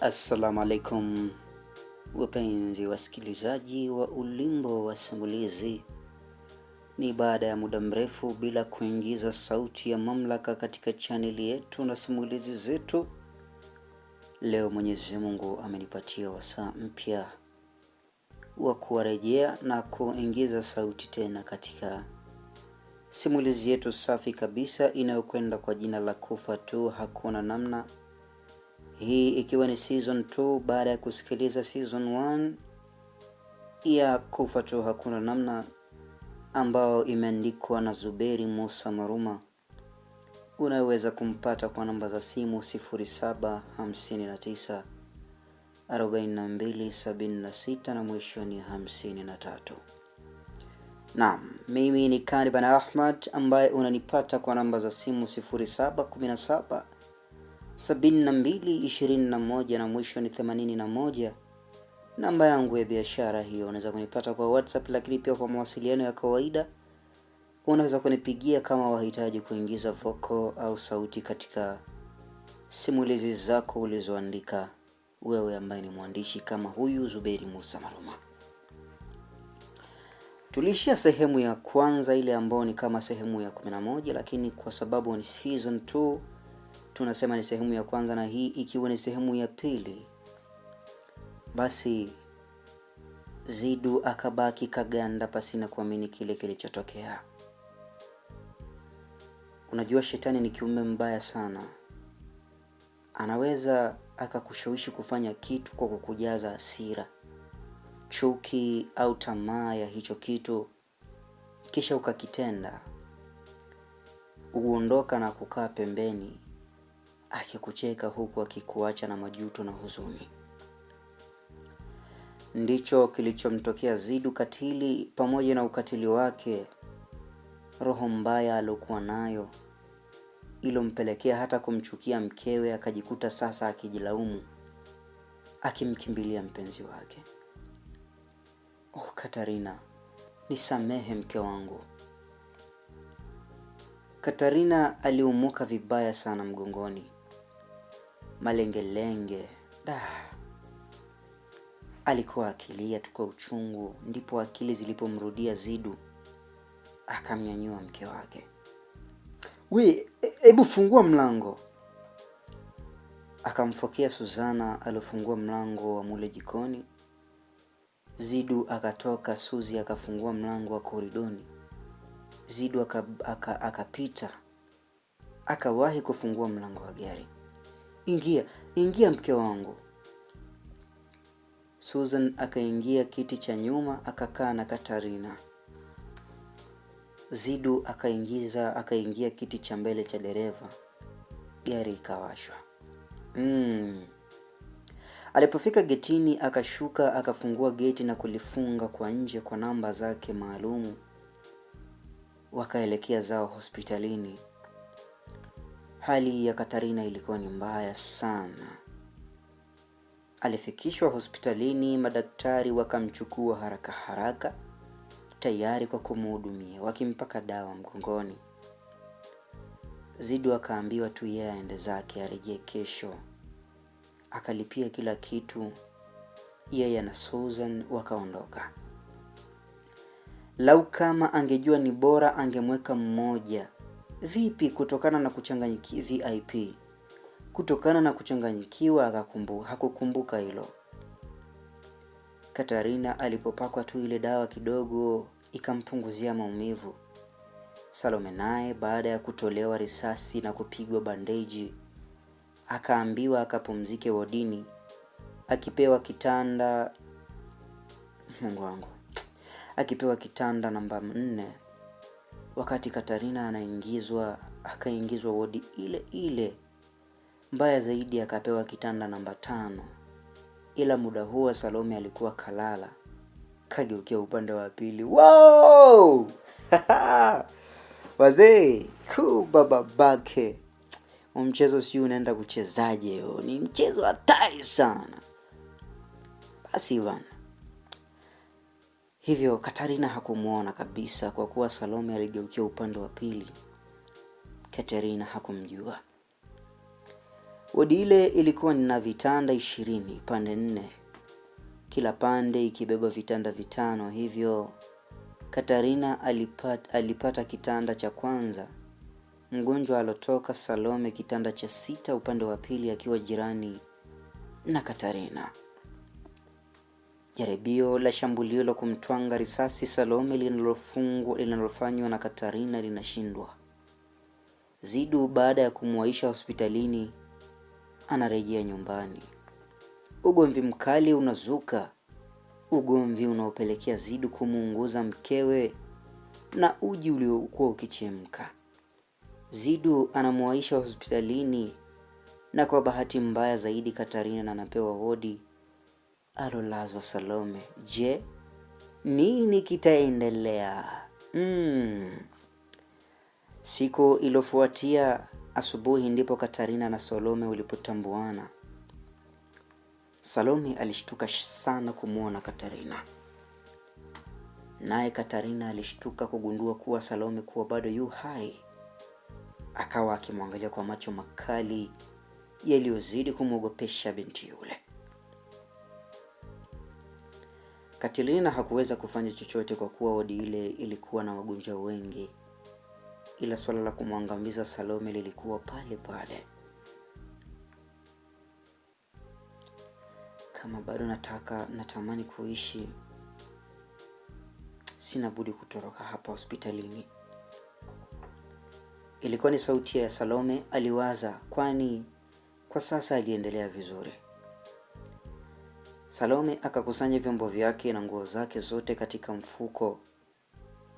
Assalamu alaikum, wapenzi wasikilizaji wa Ulimbo wa Simulizi. Ni baada ya muda mrefu bila kuingiza sauti ya mamlaka katika chaneli yetu na simulizi zetu. Leo Mwenyezi Mungu amenipatia wasaa mpya wa kuwarejea na kuingiza sauti tena katika simulizi yetu safi kabisa inayokwenda kwa jina la Kufa tu hakuna namna hii ikiwa ni season 2 baada ya kusikiliza season 1 ya Kufa Tu Hakuna Namna ambayo imeandikwa na Zuberi Musa Maruma. Unaweza kumpata kwa namba za simu 0759 4276 na mwisho ni 53. Naam, mimi ni kanibana Ahmad ambaye unanipata kwa namba za simu 0717 sabini na mbili ishirini na moja na mwisho ni themanini na moja. Namba yangu ya biashara hiyo, unaweza kunipata kwa WhatsApp, lakini pia kwa mawasiliano ya kawaida unaweza kunipigia kama wahitaji kuingiza voko au sauti katika simulizi zako ulizoandika wewe, ambaye ni mwandishi kama huyu Zuberi Musa Maruma. Tuliishia sehemu ya kwanza ile ambayo ni kama sehemu ya kumi na moja, lakini kwa sababu ni season tunasema ni sehemu ya kwanza, na hii ikiwa ni sehemu ya pili, basi Zidu akabaki Kaganda pasina kuamini kile kilichotokea. Unajua, shetani ni kiumbe mbaya sana, anaweza akakushawishi kufanya kitu kwa kukujaza asira chuki au tamaa ya hicho kitu, kisha ukakitenda, uondoka na kukaa pembeni akikucheka huku akikuacha na majuto na huzuni. Ndicho kilichomtokea Zidu katili. Pamoja na ukatili wake, roho mbaya aliokuwa nayo ilompelekea hata kumchukia mkewe, akajikuta sasa akijilaumu, akimkimbilia mpenzi wake. Oh, Katarina, nisamehe mke wangu. Katarina aliumuka vibaya sana mgongoni malengelenge da. Alikuwa akilia tu kwa uchungu, ndipo akili zilipomrudia Zidu. Akamnyanyua mke wake. We, hebu e, fungua mlango. Akamfokea Suzana alofungua mlango wa mule jikoni. Zidu akatoka, Suzi akafungua mlango wa koridoni. Zidu akapita, aka, aka akawahi kufungua mlango wa gari ingia, ingia mke wangu. Susan akaingia kiti cha nyuma akakaa na Katarina. Zidu akaingiza akaingia kiti cha mbele cha dereva. Gari ikawashwa. Mm. Alipofika getini akashuka akafungua geti na kulifunga kwa nje kwa namba zake maalumu. Wakaelekea zao hospitalini. Hali ya Katarina ilikuwa ni mbaya sana. Alifikishwa hospitalini, madaktari wakamchukua haraka haraka, tayari kwa kumhudumia, wakimpaka dawa mgongoni. Zidu akaambiwa tu yeye aende zake, arejee kesho. Akalipia kila kitu, yeye na Susan wakaondoka. Lau kama angejua ni bora, angemweka mmoja vipi kutokana na kuchanganyikiwa VIP kutokana na kuchanganyikiwa hakukumbuka hilo. Katarina alipopakwa tu ile dawa kidogo ikampunguzia maumivu. Salome naye baada ya kutolewa risasi na kupigwa bandeji akaambiwa akapumzike wodini, akipewa kitanda. Mungu wangu, akipewa kitanda namba nne Wakati Katarina anaingizwa akaingizwa wodi ile ile, mbaya zaidi akapewa kitanda namba tano, ila muda huo Salome alikuwa kalala, kageukia upande wa pili. Wow! Wazee kubababake mchezo sijui unaenda kuchezaje? Oh, ni mchezo hatari sana. Basi bana Hivyo Katarina hakumwona kabisa kwa kuwa Salome aligeukia upande wa pili. Katarina hakumjua. Wodi ile ilikuwa na vitanda ishirini pande nne, kila pande ikibeba vitanda vitano. Hivyo Katarina alipat, alipata kitanda cha kwanza, mgonjwa alotoka Salome kitanda cha sita upande wa pili, akiwa jirani na Katarina. Jaribio la shambulio la kumtwanga risasi Salome linalofanywa na Katarina linashindwa. Zidu baada ya kumwaisha hospitalini anarejea nyumbani. Ugomvi mkali unazuka, ugomvi unaopelekea Zidu kumuunguza mkewe na uji uliokuwa ukichemka. Zidu anamwaisha hospitalini na kwa bahati mbaya zaidi Katarina anapewa wodi alolazwa Salome. Je, nini kitaendelea? Mm. Siku iliyofuatia asubuhi ndipo Katarina na Salome walipotambuana. Salome alishtuka sana kumwona Katarina, naye Katarina alishtuka kugundua kuwa Salome kuwa bado yu hai, akawa akimwangalia kwa macho makali yaliyozidi kumwogopesha binti yule. Katilina hakuweza kufanya chochote kwa kuwa wodi ile ilikuwa na wagonjwa wengi, ila suala la kumwangamiza Salome lilikuwa pale pale. Kama bado nataka natamani kuishi, sina budi kutoroka hapa hospitalini. Ilikuwa ni sauti ya Salome, aliwaza, kwani kwa sasa aliendelea vizuri. Salome akakusanya vyombo vyake na nguo zake zote katika mfuko.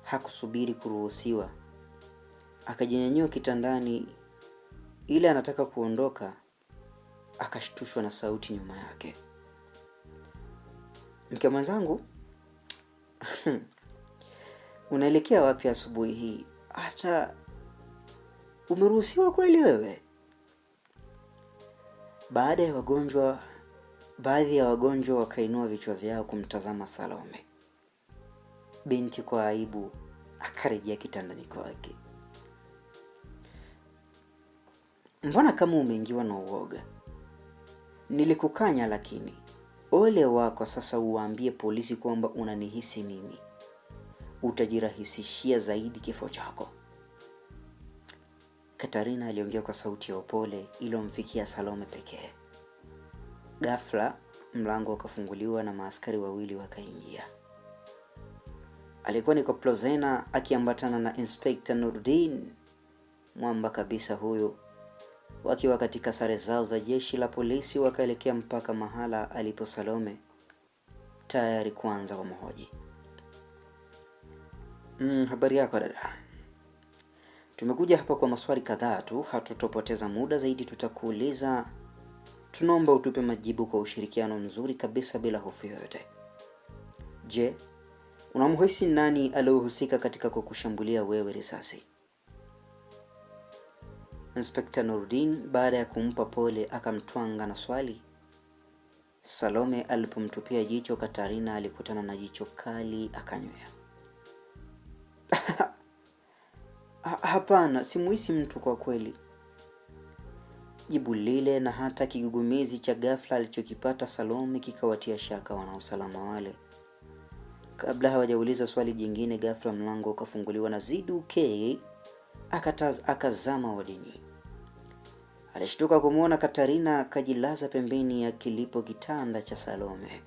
Hakusubiri kuruhusiwa, akajinyanyua kitandani ili anataka kuondoka, akashtushwa na sauti nyuma yake. Mke mwenzangu, unaelekea wapi asubuhi hii? Hata umeruhusiwa kweli wewe? Baada ya wagonjwa Baadhi ya wagonjwa wakainua vichwa vyao kumtazama Salome. Binti kwa aibu akarejea kitandani kwake. Mbona kama umeingiwa na uoga? Nilikukanya, lakini ole wako sasa uwaambie polisi kwamba unanihisi mimi. Utajirahisishia zaidi kifo chako. Katarina aliongea kwa sauti ya upole iliyomfikia Salome pekee. Ghafla mlango ukafunguliwa na maaskari wawili wakaingia. Alikuwa ni Koplo Zena akiambatana na Inspekta Nurdin, mwamba kabisa huyu Wakiwa katika sare zao za jeshi la polisi, wakaelekea mpaka mahala alipo Salome, tayari kuanza kwa mahoji. Mm, habari yako dada? Tumekuja hapa kwa maswali kadhaa tu, hatutopoteza muda zaidi, tutakuuliza Tunaomba utupe majibu kwa ushirikiano mzuri kabisa bila hofu yoyote. Je, unamhisi nani aliyohusika katika kukushambulia wewe risasi? Inspekta Nordin baada ya kumpa pole akamtwanga na swali. Salome alipomtupia jicho Katarina alikutana na jicho kali akanywea. Hapana, simuhisi mtu kwa kweli. Jibu lile na hata kigugumizi cha ghafla alichokipata Salome kikawatia shaka wanausalama wale. Kabla hawajauliza swali jingine, ghafla mlango ukafunguliwa na Zidu K akataz akazama wadini. Alishtuka kumwona Katarina akajilaza pembeni ya kilipo kitanda cha Salome.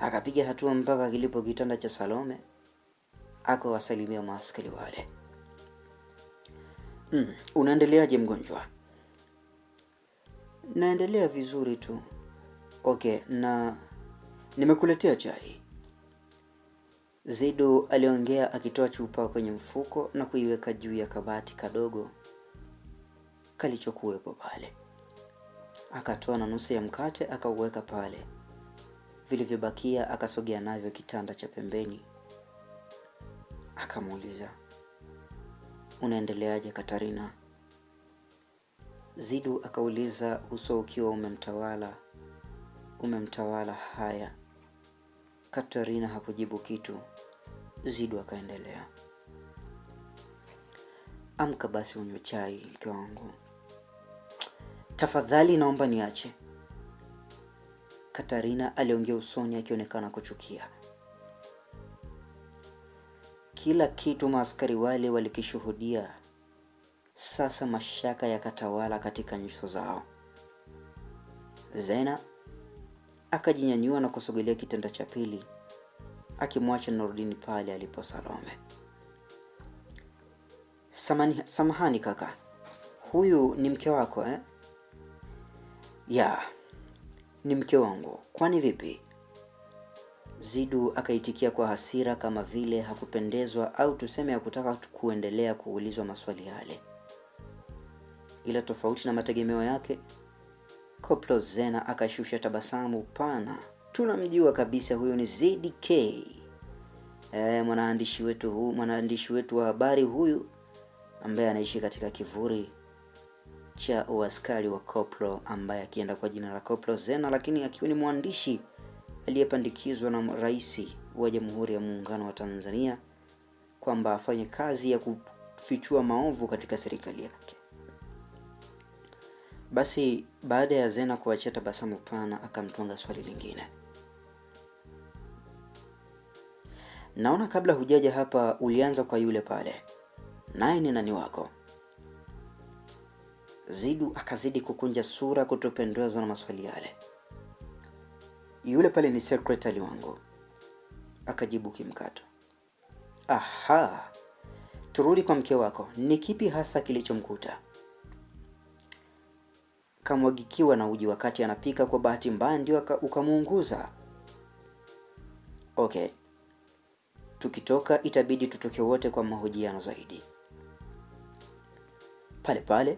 Akapiga hatua mpaka kilipo kitanda cha Salome akawasalimia maaskari wale. Mm, unaendeleaje mgonjwa? Naendelea vizuri tu. Okay, na nimekuletea chai. Zidu aliongea akitoa chupa kwenye mfuko na kuiweka juu ya kabati kadogo kalichokuwepo pale. Akatoa na nusu ya mkate akauweka pale, vilivyobakia akasogea navyo kitanda cha pembeni. Akamuuliza, unaendeleaje Katarina? Zidu akauliza uso ukiwa umemtawala umemtawala. Haya, Katarina hakujibu kitu. Zidu akaendelea, amka basi unywe chai, mke wangu. Tafadhali naomba niache. Katarina aliongea usoni akionekana kuchukia kila kitu. Maaskari wale walikishuhudia. Sasa mashaka yakatawala katika nyuso zao. Zena akajinyanyua na kusogelea kitanda cha pili akimwacha nordini pale alipo Salome. Samani, samahani kaka, huyu ni mke wako eh? Ya, ni mke wangu. Kwani vipi? Zidu akaitikia kwa hasira, kama vile hakupendezwa au tuseme kutaka kuendelea kuulizwa maswali yale ila tofauti na mategemeo yake, Koplo Zena akashusha tabasamu pana. Tunamjua kabisa huyo ni ZDK. E, mwanaandishi wetu huu, mwanaandishi wetu wa habari huyu ambaye anaishi katika kivuri cha uaskari wa Koplo ambaye akienda kwa jina la Koplo Zena, lakini akiwa ni mwandishi aliyepandikizwa na Rais wa Jamhuri ya Muungano wa Tanzania kwamba afanye kazi ya kufichua maovu katika serikali yake. Basi baada ya Zena kuachia tabasamu pana, akamtunga swali lingine. Naona kabla hujaja hapa ulianza kwa yule pale, naye ni nani wako? Zidu akazidi kukunja sura, kutopendezwa na maswali yale. Yule pale ni sekretari wangu, akajibu kimkato. Aha, turudi kwa mke wako. Ni kipi hasa kilichomkuta? kamwagikiwa na uji wakati anapika, kwa bahati mbaya ndio ukamuunguza. Okay, tukitoka itabidi tutoke wote kwa mahojiano zaidi. Pale pale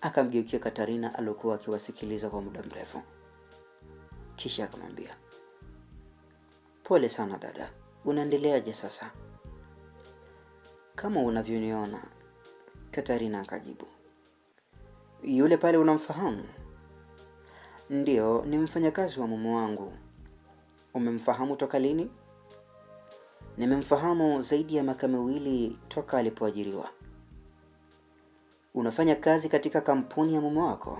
akamgeukia Katarina aliokuwa akiwasikiliza kwa muda mrefu, kisha akamwambia, pole sana dada, unaendeleaje sasa? Kama unavyoniona, Katarina akajibu yule pale unamfahamu? Ndiyo, ni mfanyakazi wa mume wangu. Umemfahamu toka lini? Nimemfahamu zaidi ya miaka miwili toka alipoajiriwa. Unafanya kazi katika kampuni ya mume wako?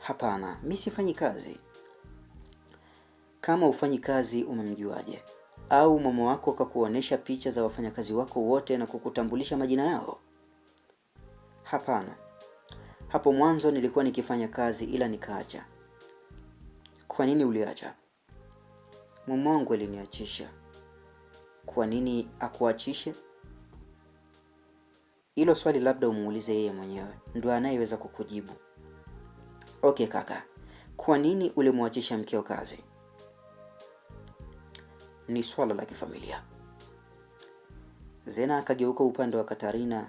Hapana, mi sifanyi kazi. Kama ufanyi kazi, umemjuaje? Au mume wako kakuonyesha picha za wafanyakazi wako wote na kukutambulisha majina yao? Hapana, hapo mwanzo nilikuwa nikifanya kazi ila nikaacha. Kwa nini uliacha? Mume aliniachisha. Kwa nini akuachishe? Hilo swali labda umuulize yeye mwenyewe, ndo anayeweza kukujibu. Okay kaka, kwa nini ulimwachisha mkeo kazi? Ni swala la kifamilia. Zena akageuka upande wa Katarina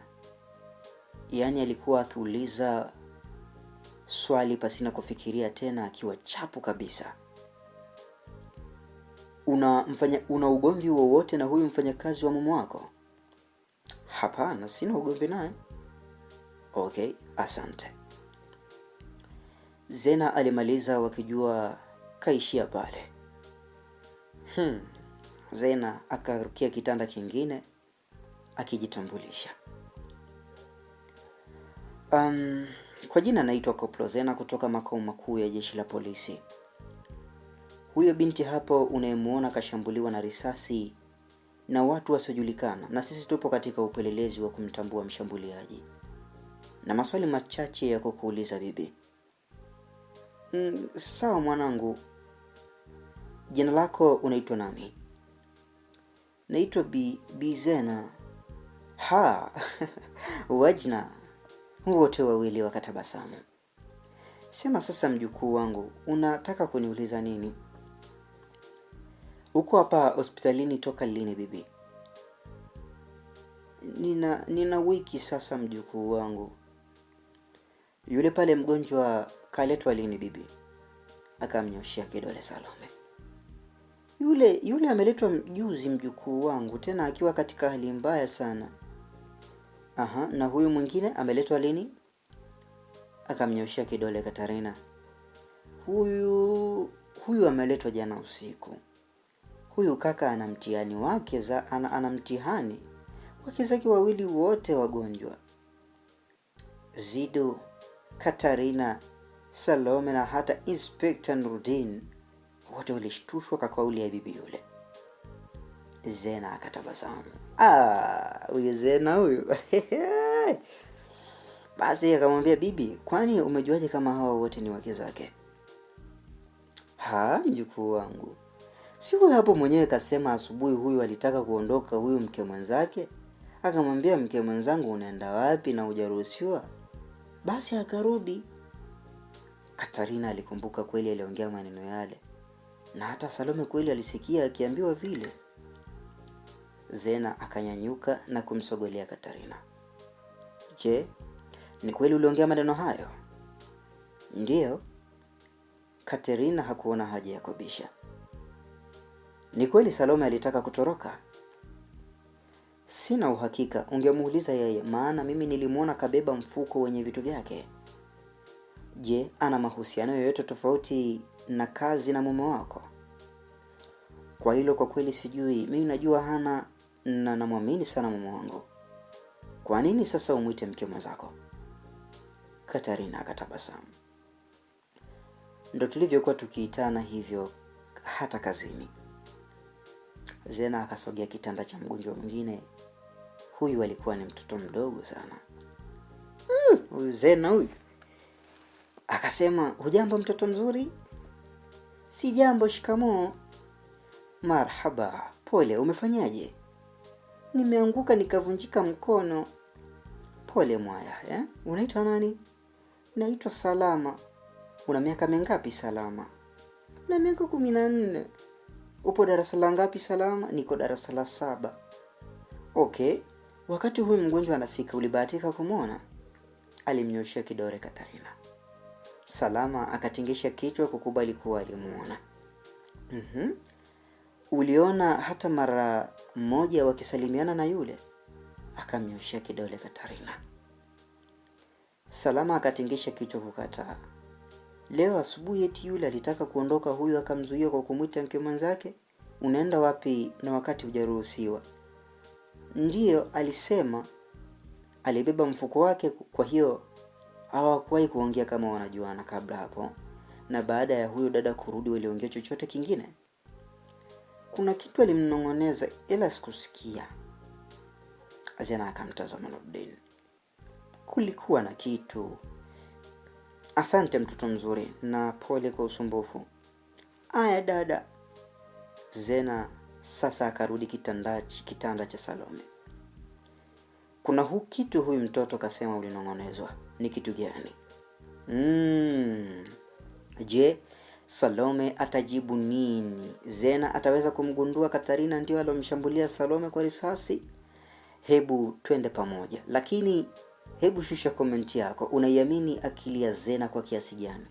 yaani alikuwa akiuliza swali pasina kufikiria tena, akiwa chapu kabisa. Una, mfanya, una ugomvi wowote na huyu mfanyakazi wa mume wako? Hapana, sina ugomvi naye. Okay, asante. Zena alimaliza wakijua kaishia pale. Hmm, Zena akarukia kitanda kingine akijitambulisha. Um, kwa jina naitwa Koplozena kutoka makao makuu ya jeshi la polisi. Huyo binti hapo unayemwona akashambuliwa na risasi na watu wasiojulikana, na sisi tupo katika upelelezi wa kumtambua mshambuliaji, na maswali machache ya kukuuliza bibi. Mm, sawa mwanangu, jina lako unaitwa nani? Naitwa Bizena. Ha, Wajna. Wote wawili wakatabasamu. Sema sasa, mjukuu wangu, unataka kuniuliza nini? Uko hapa hospitalini toka lini bibi? Nina nina wiki sasa, mjukuu wangu. Yule pale mgonjwa kaletwa lini bibi? Akamnyoshia kidole Salome. Yule yule ameletwa juzi, mjukuu wangu, tena akiwa katika hali mbaya sana. Aha, na huyu mwingine ameletwa lini? Akamnyoshia kidole Katarina. Huyu huyu ameletwa jana usiku. Huyu kaka ana mtihani wake za ana, ana mtihani wake zake wawili wote wagonjwa. Zidu, Katarina, Salome na hata Inspector Nurdin wote walishtushwa kwa kauli ya bibi yule. Zena akatabasamu. Ah, huyu Zena huyu basi akamwambia bibi, kwani umejuaje kama hawa wote ni wake zake? Ha, mjukuu wangu, si huyo hapo mwenyewe kasema asubuhi, huyu alitaka kuondoka huyu mke mwenzake, akamwambia mke mwenzangu, unaenda wapi na hujaruhusiwa? Basi akarudi. Katarina alikumbuka kweli aliongea maneno yale, na hata Salome kweli alisikia akiambiwa vile. Zena akanyanyuka na kumsogelea Katarina. Je, ni kweli uliongea maneno hayo? Ndiyo. Katerina hakuona haja ya kubisha. Ni kweli Salome alitaka kutoroka? Sina uhakika, ungemuuliza yeye, maana mimi nilimwona kabeba mfuko wenye vitu vyake. Je, ana mahusiano yoyote tofauti na kazi na mume wako? Kwa hilo kwa kweli sijui. Mimi najua hana na namwamini sana mama wangu. Kwa nini sasa umwite mke mwenzako? Katarina akatabasamu. Ndo tulivyokuwa tukiitana hivyo hata kazini. Zena akasogea kitanda cha mgonjwa mwingine. Huyu alikuwa ni mtoto mdogo sana. Mm, huyu Zena huyu akasema, hujambo mtoto mzuri? Si jambo. Shikamoo. Marhaba. Pole, umefanyaje? nimeanguka nikavunjika mkono. Pole mwaya eh? Unaitwa nani? Naitwa Salama. Una miaka mingapi Salama? Na miaka kumi na nne. Upo darasa la ngapi Salama? Niko darasa la saba. Okay, wakati huyu mgonjwa anafika ulibahatika kumwona? Alimnyoshia kidore Katarina. Salama akatingisha kichwa kukubali kuwa alimuona. mm -hmm. Uliona hata mara mmoja wakisalimiana na yule akamnyoshea kidole Katarina. Salama akatingisha kichwa kukataa. Leo asubuhi eti yule alitaka kuondoka, huyu akamzuia kwa kumwita mke mwenzake, unaenda wapi na wakati hujaruhusiwa? Ndiyo, alisema alibeba mfuko wake. Kwa hiyo hawakuwahi kuongea kama wanajuana kabla hapo, na baada ya huyo dada kurudi waliongea chochote kingine? Kuna kitu alimnong'oneza ila sikusikia. Azena akamtazama Nurdin. Kulikuwa na kitu. Asante mtoto mzuri na pole kwa usumbufu. Aya dada. Zena sasa akarudi kitanda, kitanda cha Salome. Kuna hu kitu huyu mtoto kasema ulinong'onezwa. Ni kitu gani? Mm. Je, Salome atajibu nini? Zena ataweza kumgundua Katarina ndio alomshambulia Salome kwa risasi? Hebu twende pamoja, lakini hebu shusha komenti yako. Unaiamini akili ya Zena kwa kiasi gani?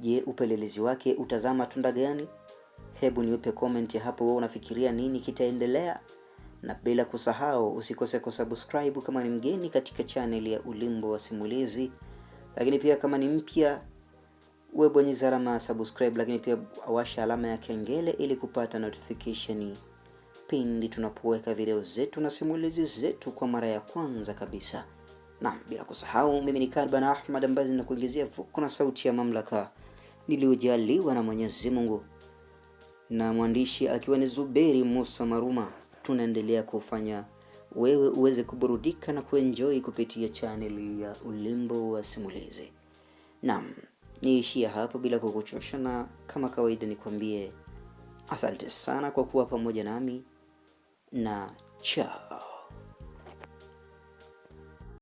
Je, upelelezi wake utazama tunda gani? Hebu niwepe komenti hapo, wewe unafikiria nini kitaendelea? Na bila kusahau, usikose kusubscribe kama ni mgeni katika chaneli ya Ulimbo wa Simulizi, lakini pia kama ni mpya uwe bonyeza alama ya subscribe, lakini pia washa alama ya kengele ili kupata notification pindi tunapoweka video zetu na simulizi zetu kwa mara ya kwanza kabisa. na bila kusahau, mimi ni Karban Ahmad ambaye ninakuingezia vuko na sauti ya mamlaka niliyojaliwa na Mwenyezi Mungu, na mwandishi akiwa ni Zuberi Musa Maruma. Tunaendelea kufanya wewe uweze kuburudika na kuenjoy kupitia chaneli ya Ulimbo wa Simulizi. Naam niishia hapo bila kukuchosha, na kama kawaida nikwambie asante sana kwa kuwa pamoja nami na chao.